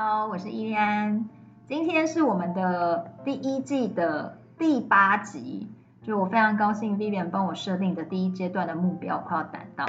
好，hello, 我是伊蓮。今天是我們的第一季的第八集，就我非常高興，Vivian 幫我設定的第一階段的目標快要達到。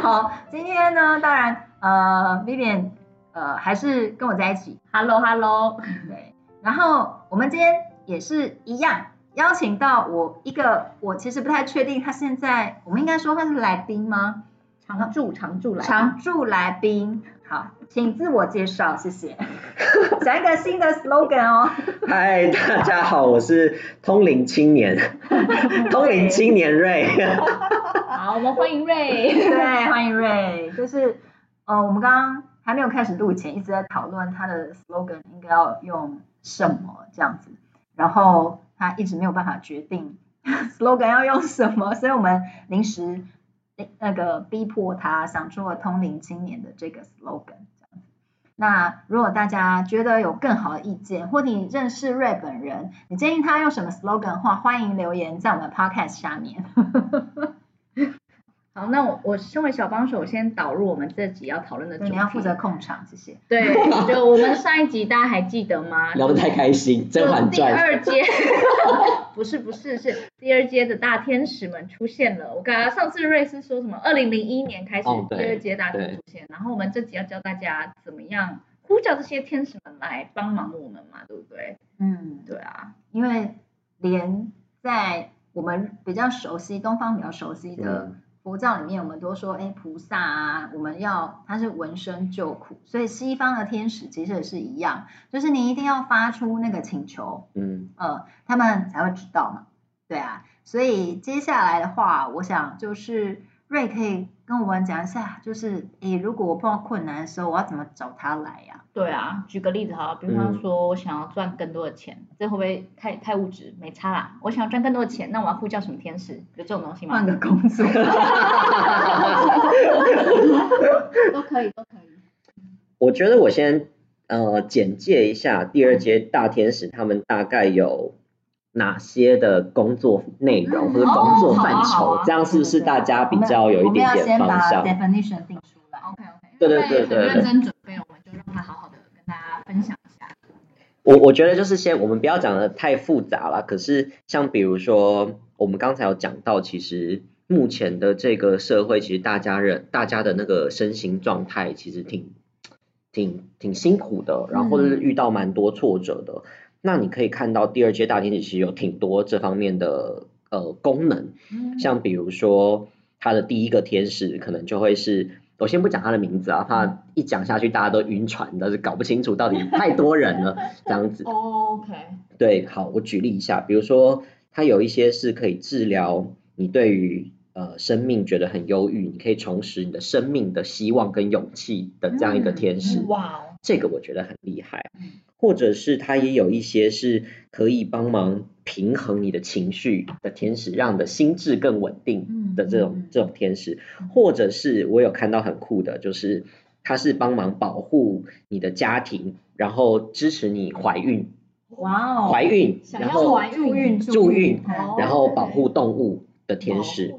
好，今天呢，當然呃，Vivian 呃、uh, 還是跟我在一起。Hello，Hello。對。然後我們今天也是一樣，邀請到我一個，我其實不太確定他現在，我們應該說他是來賓嗎？常駐常駐來賓常駐來賓，好，請自我介紹，謝謝。 想一個新的 slogan 哦。嗨，大家好，我是通靈青年， 通靈青年 Ray。好，我們歡迎 Ray， 對，歡迎 Ray。就是呃，我們剛剛還沒有開始錄前，一直在討論他的 slogan 應該要用什麼這樣子，然後他一直沒有辦法決定 slogan 要用什麼，所以我們臨時。欸、那個逼迫他想出了“通靈青年”的這個 slogan，這樣子。那如果大家覺得有更好的意見，或者你認識瑞本人，你建議他用什麼 slogan 的話，歡迎留言在我們 podcast 下面。 好，那我我身為小幫手，先導入我們這集要討論的主題。嗯、你要負責控場，謝謝。對，就我，我們上一集大家還記得嗎？ 就聊得太開心，真《甄嬛傳》第二階， 不是不是，是第二階的大天使們出現了。我剛剛上次瑞斯說什麼？二零零一年開始第二階大天使們出現，哦、然後我們這集要教大家怎麼樣呼叫這些天使們來幫忙我們嘛，對不對？嗯，對啊，因為連在我們比較熟悉東方比較熟悉的。佛教裡面我們都說，哎、欸，菩薩啊，我們要他是聞聲救苦，所以西方的天使其實也是一樣，就是你一定要發出那個請求，嗯，呃，他們才會知道嘛，對啊，所以接下來的話，我想就是。瑞可以跟我們講一下，就是誒，如果我碰到困難的時候，我要怎麼找他來呀、啊？對啊，舉個例子哈，比方說我想要賺更多的錢，嗯、這會不會太太物質？沒差啦、啊，我想要賺更多的錢，那我要呼叫什麼天使？有這種東西嗎？換個工作。 都可以，都可以。我覺得我先呃簡介一下第二階大天使，他們大概有、嗯。哪些的工作內容或者工作範疇？這樣是不是大家比較有一點點方向？Definition 定出來，OK OK。對對，對對對對。認真準備，我們就讓他好好的跟大家分享一下。我我覺得就是先，我們不要講的太複雜了。可是像比如說，我們剛才有講到，其實目前的這個社會，其實大家人，大家的那個身心狀態，其實挺挺挺辛苦的，嗯、然後或者是遇到蠻多挫折的。那你可以看到第二階大天使其實有挺多這方面的呃功能，像比如說它的第一個天使可能就會是我先不講他的名字啊，怕一講下去大家都暈船的，但是搞不清楚到底太多人了 這樣子。Oh, OK，對，好，我舉例一下，比如說他有一些是可以治療你對於呃生命覺得很憂鬱，嗯、你可以重拾你的生命的希望跟勇氣的這樣一個天使。嗯、哇，這個我覺得很厲害。或者是他也有一些是可以幫忙平衡你的情緒的天使，讓你的心智更穩定的這種、嗯、這種天使，或者是我有看到很酷的，就是他是幫忙保護你的家庭，然後支持你懷孕，哇哦，懷孕，然後助孕，助孕，然後保護動物的天使，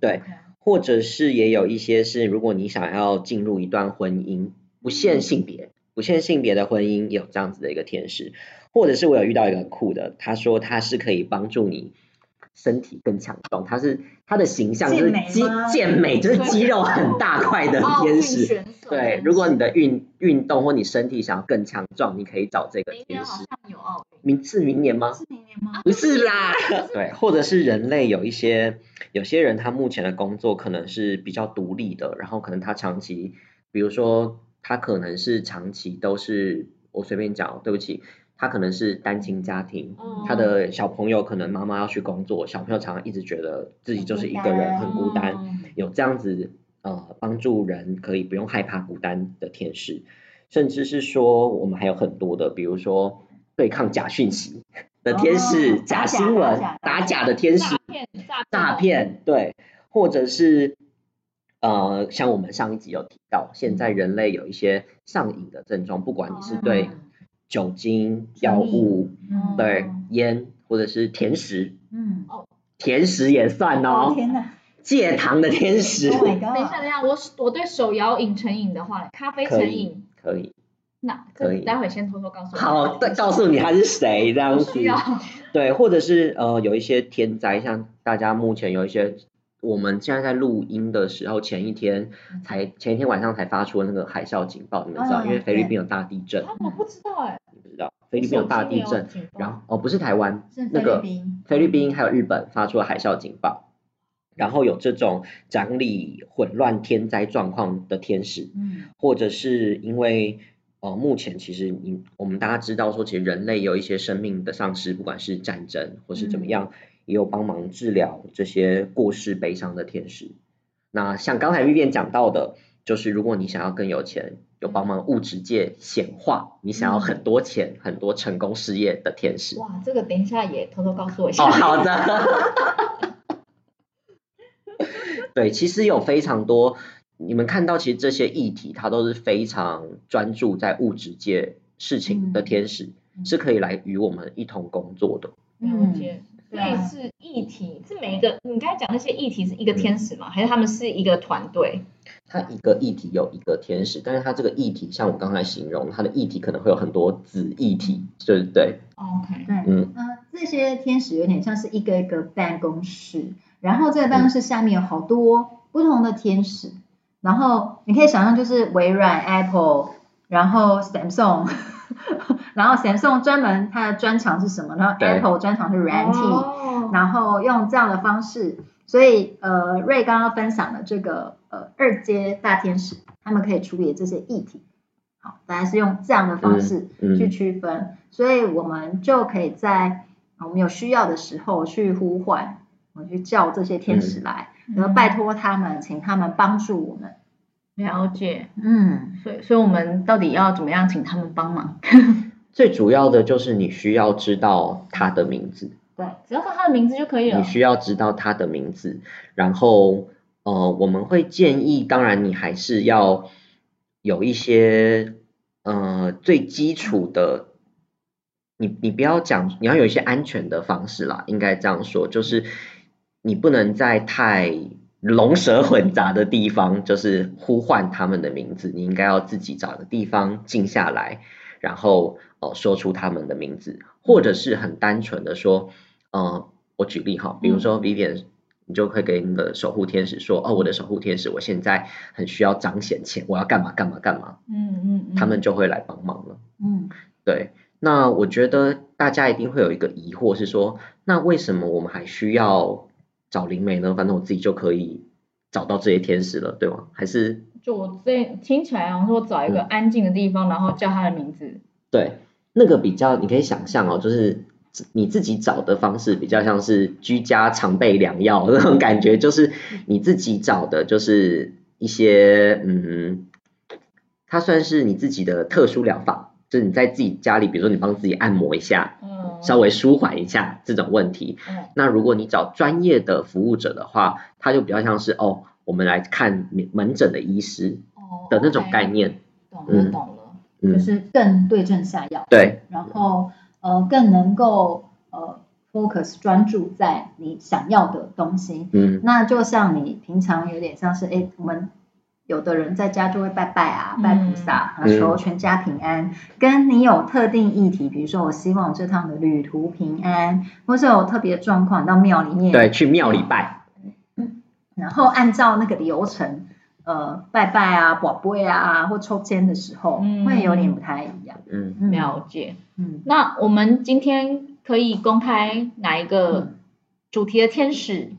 對，對或者是也有一些是，如果你想要進入一段婚姻，不限性別。不限性別的婚姻，有這樣子的一個天使，或者是我有遇到一個很酷的，他說他是可以幫助你身體更強壯，他是他的形象就是肌健美，健美，就是肌肉很大塊的天使。對，對，如果你的運運動或你身體想要更強壯，你可以找這個天使。明有明次明年嗎？是明年嗎？是明年嗎？不是啦。是對，或者是人類有一些有些人他目前的工作可能是比較獨立的，然後可能他長期，比如說。他可能是長期都是我隨便講，對不起，他可能是單親家庭，他的小朋友可能媽媽要去工作，小朋友常常一直覺得自己就是一個人很孤單，有這樣子呃幫助人可以不用害怕孤單的天使，甚至是說我們還有很多的，比如說對抗假訊息的天使、哦、假新聞打,打,打假的天使、詐騙詐騙對，或者是。呃，像我們上一集有提到，現在人類有一些上癮的症狀，不管你是對酒精、藥物、哦、對、嗯、菸，或者是甜食，嗯，哦，甜食也算哦，天哪戒糖的甜食。哎 oh、等一下，等一下，我我對手搖飲成癮的話，咖啡成癮可以，那可以，可以待會先偷偷告訴你，好，再好告訴你他是誰這樣子，對，或者是呃有一些天災，像大家目前有一些。我們現在在錄音的時候，前一天才前一天晚上才發出了那個海嘯警報，你們知道？Oh、my 天，因為菲律賓有大地震。我不知道不，欸，知道，菲律賓有大地震，OK、然後哦，不是台灣，是菲律賓，那個，菲律賓還有日本發出了海嘯警報。然後有這種掌理混亂天災狀況的天使，嗯，或者是因為呃，目前其實你我們大家知道說，其實人類有一些生命的喪失，不管是戰爭或是怎麼樣。嗯也有幫忙治療這些過世悲傷的天使。那像剛才蜜蜜講到的，就是如果你想要更有錢，有幫忙物質界顯化，嗯、你想要很多錢、很多成功事業的天使。哇，這個等一下也偷偷告訴我一下。哦，好的。 對，其實有非常多，你們看到其實這些議題，它都是非常專注在物質界事情的天使，嗯、是可以來與我們一同工作的。嗯。嗯對，是議題，是每一個你剛才講那些議題是一個天使嗎？嗯、還是他們是一個團隊？他一個議題有一個天使，但是他這個議題像我剛才形容，他的議題可能會有很多子議題，嗯、就是對不對？OK，對，嗯、呃，這些天使有點像是一個一個辦公室，然後在辦公室下面有好多不同的天使，嗯、然後你可以想象就是微軟、Apple，然後 Samsung。 然後賢頌專門他的專長是什麼呢？Apple 專長是 Ranty，哦、然後用這樣的方式，所以呃 Ray 剛剛分享的這個呃二階大天使，他們可以處理這些議題，好，大家是用這樣的方式去區分，嗯嗯、所以我們就可以在我們有需要的時候去呼喚，我去叫這些天使來，嗯、然後拜托他們，請他們幫助我們。了解，嗯，所以所以我們到底要怎麼樣請他們幫忙？ 最主要的就是你需要知道他的名字。對，只要說他的名字就可以了。你需要知道他的名字，然後呃，我們會建議，當然你還是要有一些呃最基礎的，你你不要講，你要有一些安全的方式啦，應該這樣說，就是你不能在太龍蛇混雜的地方，就是呼喚他們的名字，你應該要自己找個地方靜下來。然後呃，說出他們的名字，或者是很單純的說，嗯、呃，我舉例哈，比如說 Vivian，、嗯、你就可以給你的守護天使說，哦，我的守護天使，我現在很需要彰顯錢，我要幹嘛幹嘛幹嘛，嗯嗯，嗯他們就會來幫忙了。嗯，對。那我覺得大家一定會有一個疑惑是說，那為什麼我們還需要找靈媒呢？反正我自己就可以找到這些天使了，對嗎？還是？就我最聽起來，我說找一個安靜的地方，嗯、然後叫他的名字。對，那個比較你可以想象哦，就是你自己找的方式，比較像是居家常備良藥那種感覺，就是你自己找的，就是一些嗯，它算是你自己的特殊療法，就是你在自己家裡，比如說你幫自己按摩一下，嗯，稍微舒緩一下這種問題。嗯、那如果你找專業的服務者的話，他就比較像是哦。我們來看門診的醫師的那種概念。哦、okay, 懂了，嗯、懂了，就是更對症下藥。對、嗯，然後呃更能夠呃 focus 專注在你想要的東西。嗯，那就像你平常有點像是哎、欸，我們有的人在家就會拜拜啊，嗯、拜菩薩求全家平安，嗯、跟你有特定議題，比如說我希望這趟的旅途平安，或是有特別狀況到廟裡面，對，去廟裡拜。然後按照那個流程，呃，拜拜啊，跋杯啊，或抽籤的時候，嗯，會有點不太一樣。嗯，嗯，了解。嗯，那我們今天可以公開哪一個主題的天使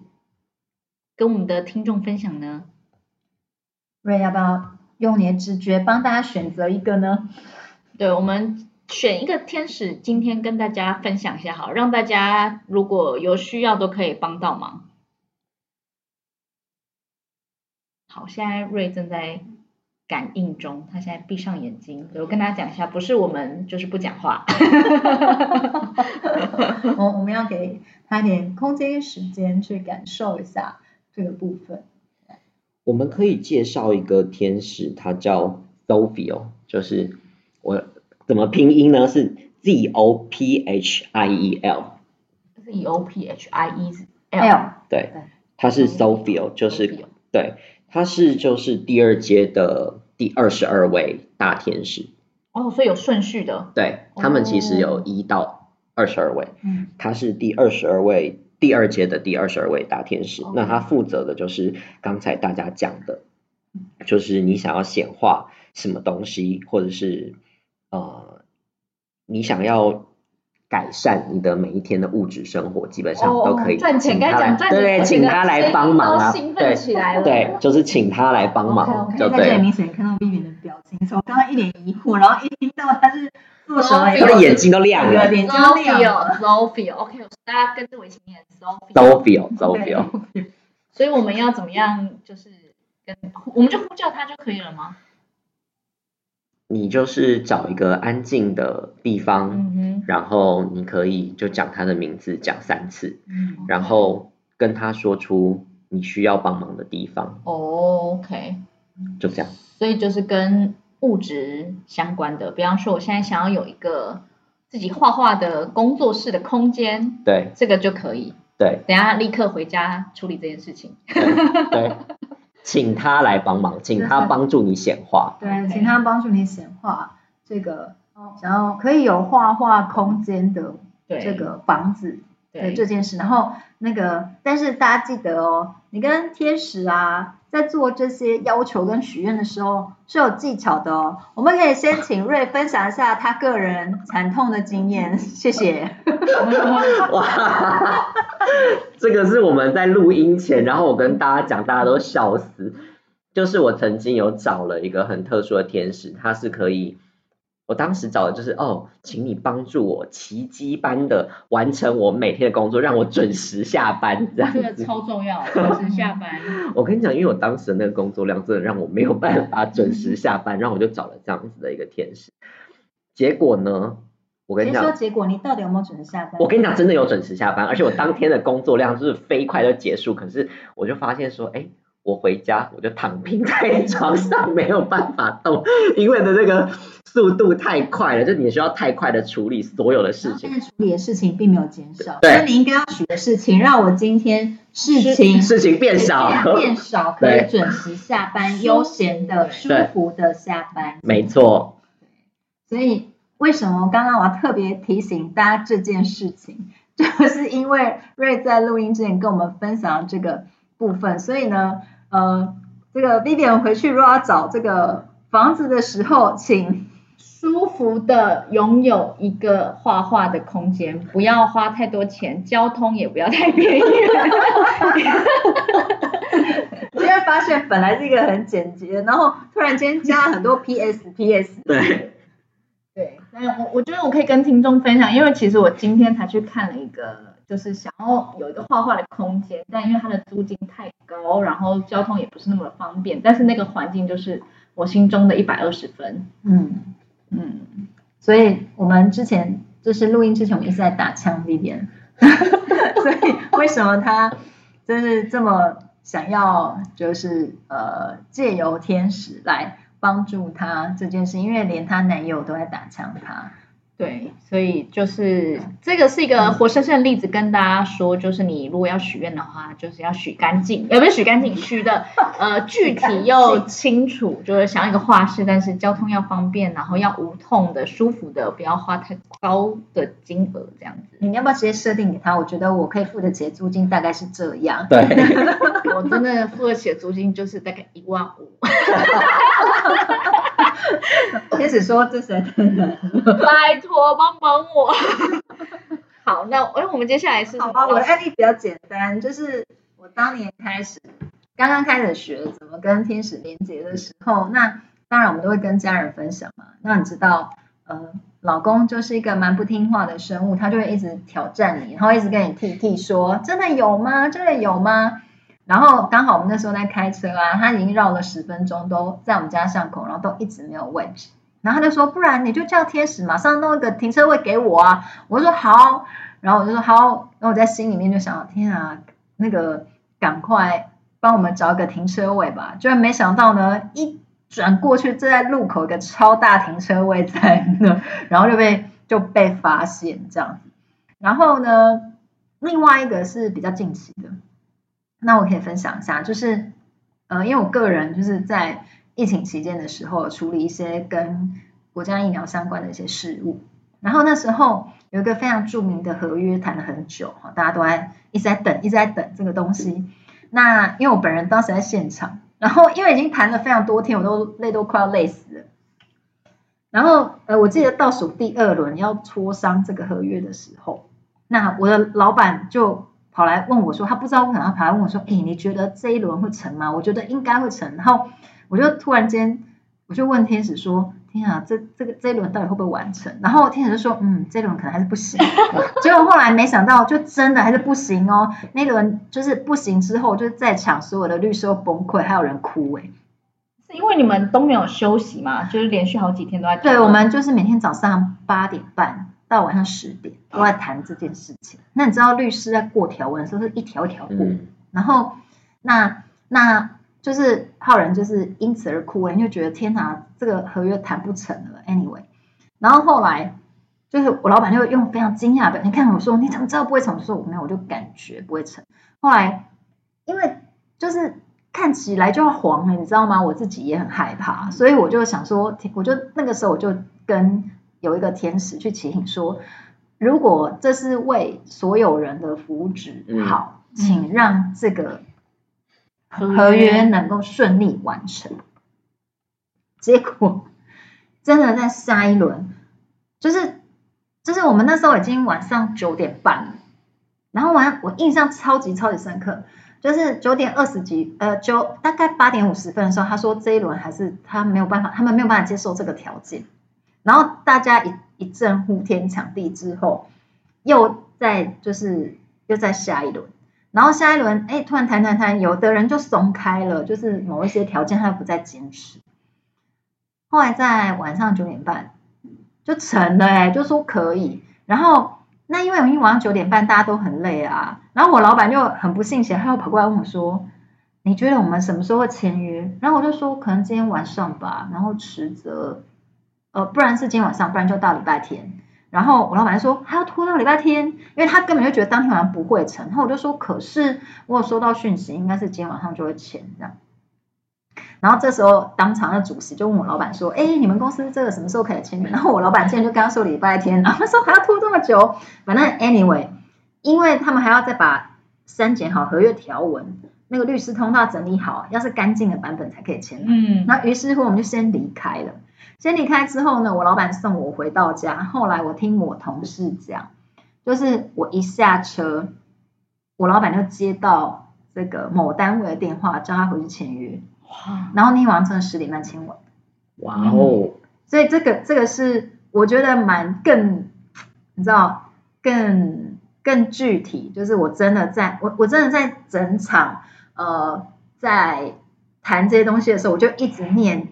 跟我們的聽眾分享呢？瑞，嗯，要不要用你的直覺幫大家選擇一個呢？對，我們選一個天使今天跟大家分享一下，好，讓大家如果有需要都可以幫到忙。好，現在瑞正在感應中，他現在閉上眼睛。我跟他講一下，不是我們就是不講話。我 我們要給他一點空間時間去感受一下這個部分。我們可以介紹一個天使，他叫 Zophiel，就是我怎麼拼音呢？是 Z O P H I E L，Z、e、O P H I E L，對，它對是 Zophiel 就是 Okay. 對。他是就是第二階的第二十二位大天使哦，所以有順序的。對，他們其實有一到二十二位，嗯、哦，他是第二十二位，第二階的第二十二位大天使。哦、那他負責的就是剛才大家講的，就是你想要顯化什麼東西，或者是呃，你想要。改善你的每一天的物質生活，基本上都可以請他來，對對，請他來幫忙啊！對，對，就是請他來幫忙。OK，在這裡明顯看到 B B 的表情，從剛剛一臉疑惑，然後一聽到他是做什麼，他的眼睛都亮了，Zophiel，Zophiel，OK，大家跟着我一起念 Zophiel，Zophiel，Zophiel。所以我們要怎麼樣？就是跟我們就呼叫他就可以了嗎？你就是找一個安靜的地方，嗯哼，然後你可以就講他的名字講三次，嗯、然後跟他說出你需要幫忙的地方。哦、OK，就這樣。所以就是跟物質相關的，比方說，我現在想要有一個自己畫畫的工作室的空間，對，這個就可以。對，等一下立刻回家處理這件事情。對對 請他來幫忙，請他幫助你顯化。對，Okay. 請他幫助你顯化這個，然後可以有畫畫空間的這個房子，對，對，對，這件事，然後那個，但是大家記得哦，你跟天使啊。在做這些要求跟許願的時候是有技巧的哦。我們可以先請瑞分享一下他個人慘痛的經驗，謝謝。 哇，這個是我們在錄音前，然後我跟大家講，大家都笑死。就是我曾經有找了一個很特殊的天使，他是可以。我當時找的就是，哦，請你幫助我奇蹟般的完成我每天的工作，讓我準時下班這樣子。這個超重要，準時下班。我跟你講，因為我當時的那個工作量真的讓我沒有辦法準時下班， 然後我就找了這樣子的一個天使。結果呢，我跟你講，結果你到底有沒有準時下班？我跟你講，真的有準時下班，而且我當天的工作量就是飛快就結束。可是我就發現說，哎、欸。我回家我就躺平在床上，沒有辦法動，因為的這個速度太快了，就你需要太快的處理所有的事情。現在處理的事情並沒有減少。所那對你應該要處理的事情，讓我今天事情事情變少，以對變少，可以準時下班，對悠閒的、對舒服的下班。沒錯。所以為什麼剛剛我要特別提醒大家這件事情，就是因為 Ray 在錄音之前跟我們分享這個部分，所以呢。呃，這個 Vivian 回去如果要找這個房子的時候，請舒服的擁有一個畫畫的空間，不要花太多錢，交通也不要太便宜哈哈哈，因為發現本來這個很簡潔，然後突然間加了很多 PS，PS，對，PS，對，那我我覺得我可以跟聽眾分享，因為其實我今天才去看了一個。就是想要有一個畫畫的空間，但因為它的租金太高，然後交通也不是那麼方便，但是那個環境就是我心中的一百二十分。嗯嗯，所以我們之前就是錄音之前，我們一直在打槍那邊，所以為什麼他就是這麼想要，就是呃借由天使來幫助他這件事，因為連他男友都在打槍他。對，所以就是這個是一個活生生的例子，跟大家說，就是你如果要許願的話，就是要許乾淨，有沒有許乾淨，虛的，呃，具體要清楚，就是想要一個畫室，但是交通要方便，然後要無痛的、舒服的，不要花太高的金額這樣子。你要不要直接設定給他？我覺得我可以付得起的租金，大概是這樣。對， 我真的付得起的租金，就是大概一萬五。哈 天使說：“這誰？” 拜托，幫幫我！ 好，那哎，我們接下來是……好吧，我的案例比較簡單，就是我當年開始剛剛開始學了怎麼跟天使連結的時候，那當然我們都會跟家人分享嘛。那你知道，嗯、呃，老公就是一個蠻不聽話的生物，他就會一直挑戰你，然後一直跟你 T T 說：“嗯、真的有嗎？真的有嗎？”然後剛好我們那時候在開車啊，他已經繞了十分鐘，都在我們家巷口，然後都一直沒有位置。然後他就說：“不然你就叫天使馬上弄一個停車位給我啊！”我說：“好。”然後我就說：“好。”然後我在心裡面就想：“天啊，那個趕快幫我們找個停車位吧！”居然沒想到呢，一轉過去，就在路口一個超大停車位在那，然後就被就被發現這樣子。然後呢，另外一個是比較近期的。那我可以分享一下，就是呃，因為我個人就是在疫情期間的時候處理一些跟國家疫苗相關的一些事務，然後那時候有一個非常著名的合約談了很久，哈，大家都在一直在等，一直在等這個東西。那因為我本人當時在現場，然後因為已經談了非常多天，我都累都快要累死了。然後呃，我記得倒數第二輪要磋商這個合約的時候，那我的老闆就。跑來問我說，他不知道為什麼跑來問我說，誒、欸，你覺得這一輪會成嗎？我覺得應該會成。然後我就突然間，我就問天使說，天啊，這這個這一輪到底會不會完成？然後天使就說，嗯，這一輪可能還是不行。 結果後來沒想到，就真的還是不行哦、喔。那輪就是不行之後，就在場所有的律師都崩潰，還有人哭誒、欸。是因為你們都沒有休息嘛？就是連續好幾天都在、啊？對，我們就是每天早上八點半。到晚上十點都在談這件事情。嗯、那你知道律師在過條文的時候是一條一條過，嗯、然後那那就是浩然，人就是因此而哭了、欸，你就為覺得天哪、啊，這個合約談不成了。Anyway，然後後來就是我老闆就用非常驚訝的表情看我說：“你怎麼知道不會成？”我說：“我沒有，我就感覺不會成。”後來因為就是看起來就要黃了、欸，你知道嗎？我自己也很害怕，所以我就想說，我就那個時候我就跟。有一個天使去提醒說，如果這是為所有人的福祉好，請讓這個合約能夠順利完成。嗯嗯、結果真的在下一輪，就是就是我們那時候已經晚上九點半了。然後完，我印象超級超級深刻，就是九點二十幾，呃，就大概八點五十分的時候，他說這一輪還是他沒有辦法，他們沒有辦法接受這個條件。然後大家一一陣呼天搶地之後，又在就是又在下一輪，然後下一輪，哎，突然談談談，有的人就鬆開了，就是某一些條件他不再堅持。後來在晚上九點半就成了哎、欸，就說可以。然後那因為我們晚上九點半大家都很累啊，然後我老板就很不信邪，他又跑過來問我說：“你覺得我們什麼時候會簽約？”然後我就說：“可能今天晚上吧。”然後遲則。呃，不然是今天晚上，不然就到禮拜天。然後我老闆說還要拖到禮拜天，因為他根本就覺得當天晚上不會成。然後我就說可是我有收到訊息，應該是今天晚上就會簽這樣。然後這時候當場的主席就問我老闆說：“哎，你們公司這個什麼時候可以簽？”然後我老闆今天就跟他說禮拜天，然後他說還要拖這麼久。反正 anyway，因為他們還要再把刪減好合約條文，那個律師通道整理好，要是乾淨的版本才可以簽。嗯，那於是乎我們就先離開了。先離開之後呢，我老板送我回到家。後來我聽我同事講，就是我一下車，我老板就接到這個某單位的電話，叫他回去簽約。哇！然後那天晚上十點半簽完。哇哦、嗯！所以這個這個是我覺得蠻更，你知道更更具體，就是我真的在我我真的在整場呃在談這些東西的時候，我就一直念。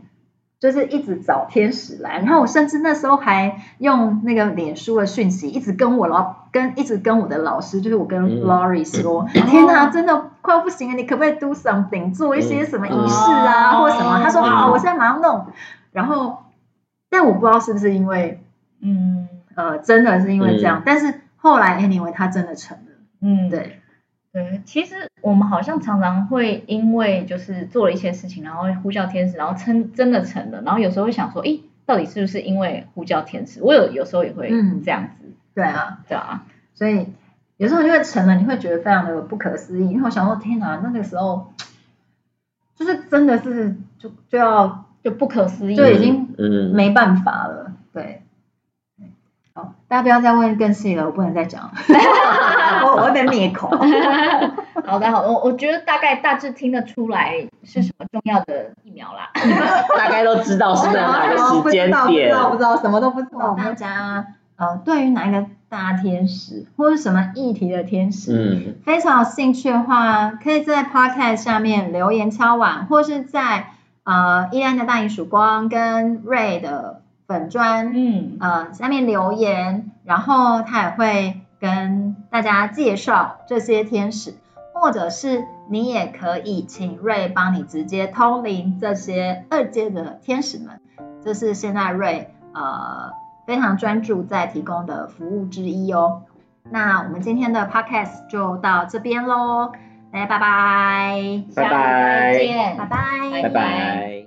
就是一直找天使來，然後我甚至那時候還用那個臉書的訊息，一直跟我老跟一直跟我的老師，就是我跟 Lori 說：“天哪，真的快要不行了，你可不可以 do something，做一些什麼儀式啊，或什麼？”他說：“好，我現在馬上弄。”然後，但我不知道是不是因為，嗯呃，真的是因為這樣。但是後來 anyway 他真的成了，嗯，對。對、嗯，其實我們好像常常會因為就是做了一些事情，然後呼叫天使，然後稱真的成了，然後有時候會想說，咦，到底是不是因為呼叫天使？我有有時候也會這樣子，對啊、嗯，對啊，對啊，所以有時候就會成了，你會覺得非常的不可思議，因為我想說，說天哪，那個時候就是真的是就就要就不可思議，就、嗯嗯、已經沒辦法了，對。大家不要再問更細了，我不能再講了，我 我有點滅口。 好的，好，我我覺得大概大致聽得出來是什麼重要的疫苗啦， 大概都知道是在哪個時間點。我不，不知道，不知道，什麼都不知道。不知道大家呃，對於哪一個大天使或是什麼議題的天使，嗯，非常有興趣的話，可以在 Podcast 下面留言敲碗，或是在呃伊安的大影曙光跟 Ray 的。本專，嗯，呃，下面留言，然後他也會跟大家介紹這些天使，或者是你也可以請 Ray 幫你直接通靈這些二階的天使們，這是現在 Ray 呃非常專注在提供的服務之一哦。那我們今天的 podcast 就到這邊嘍，大家拜拜，拜拜，再見，拜拜，拜拜。拜拜。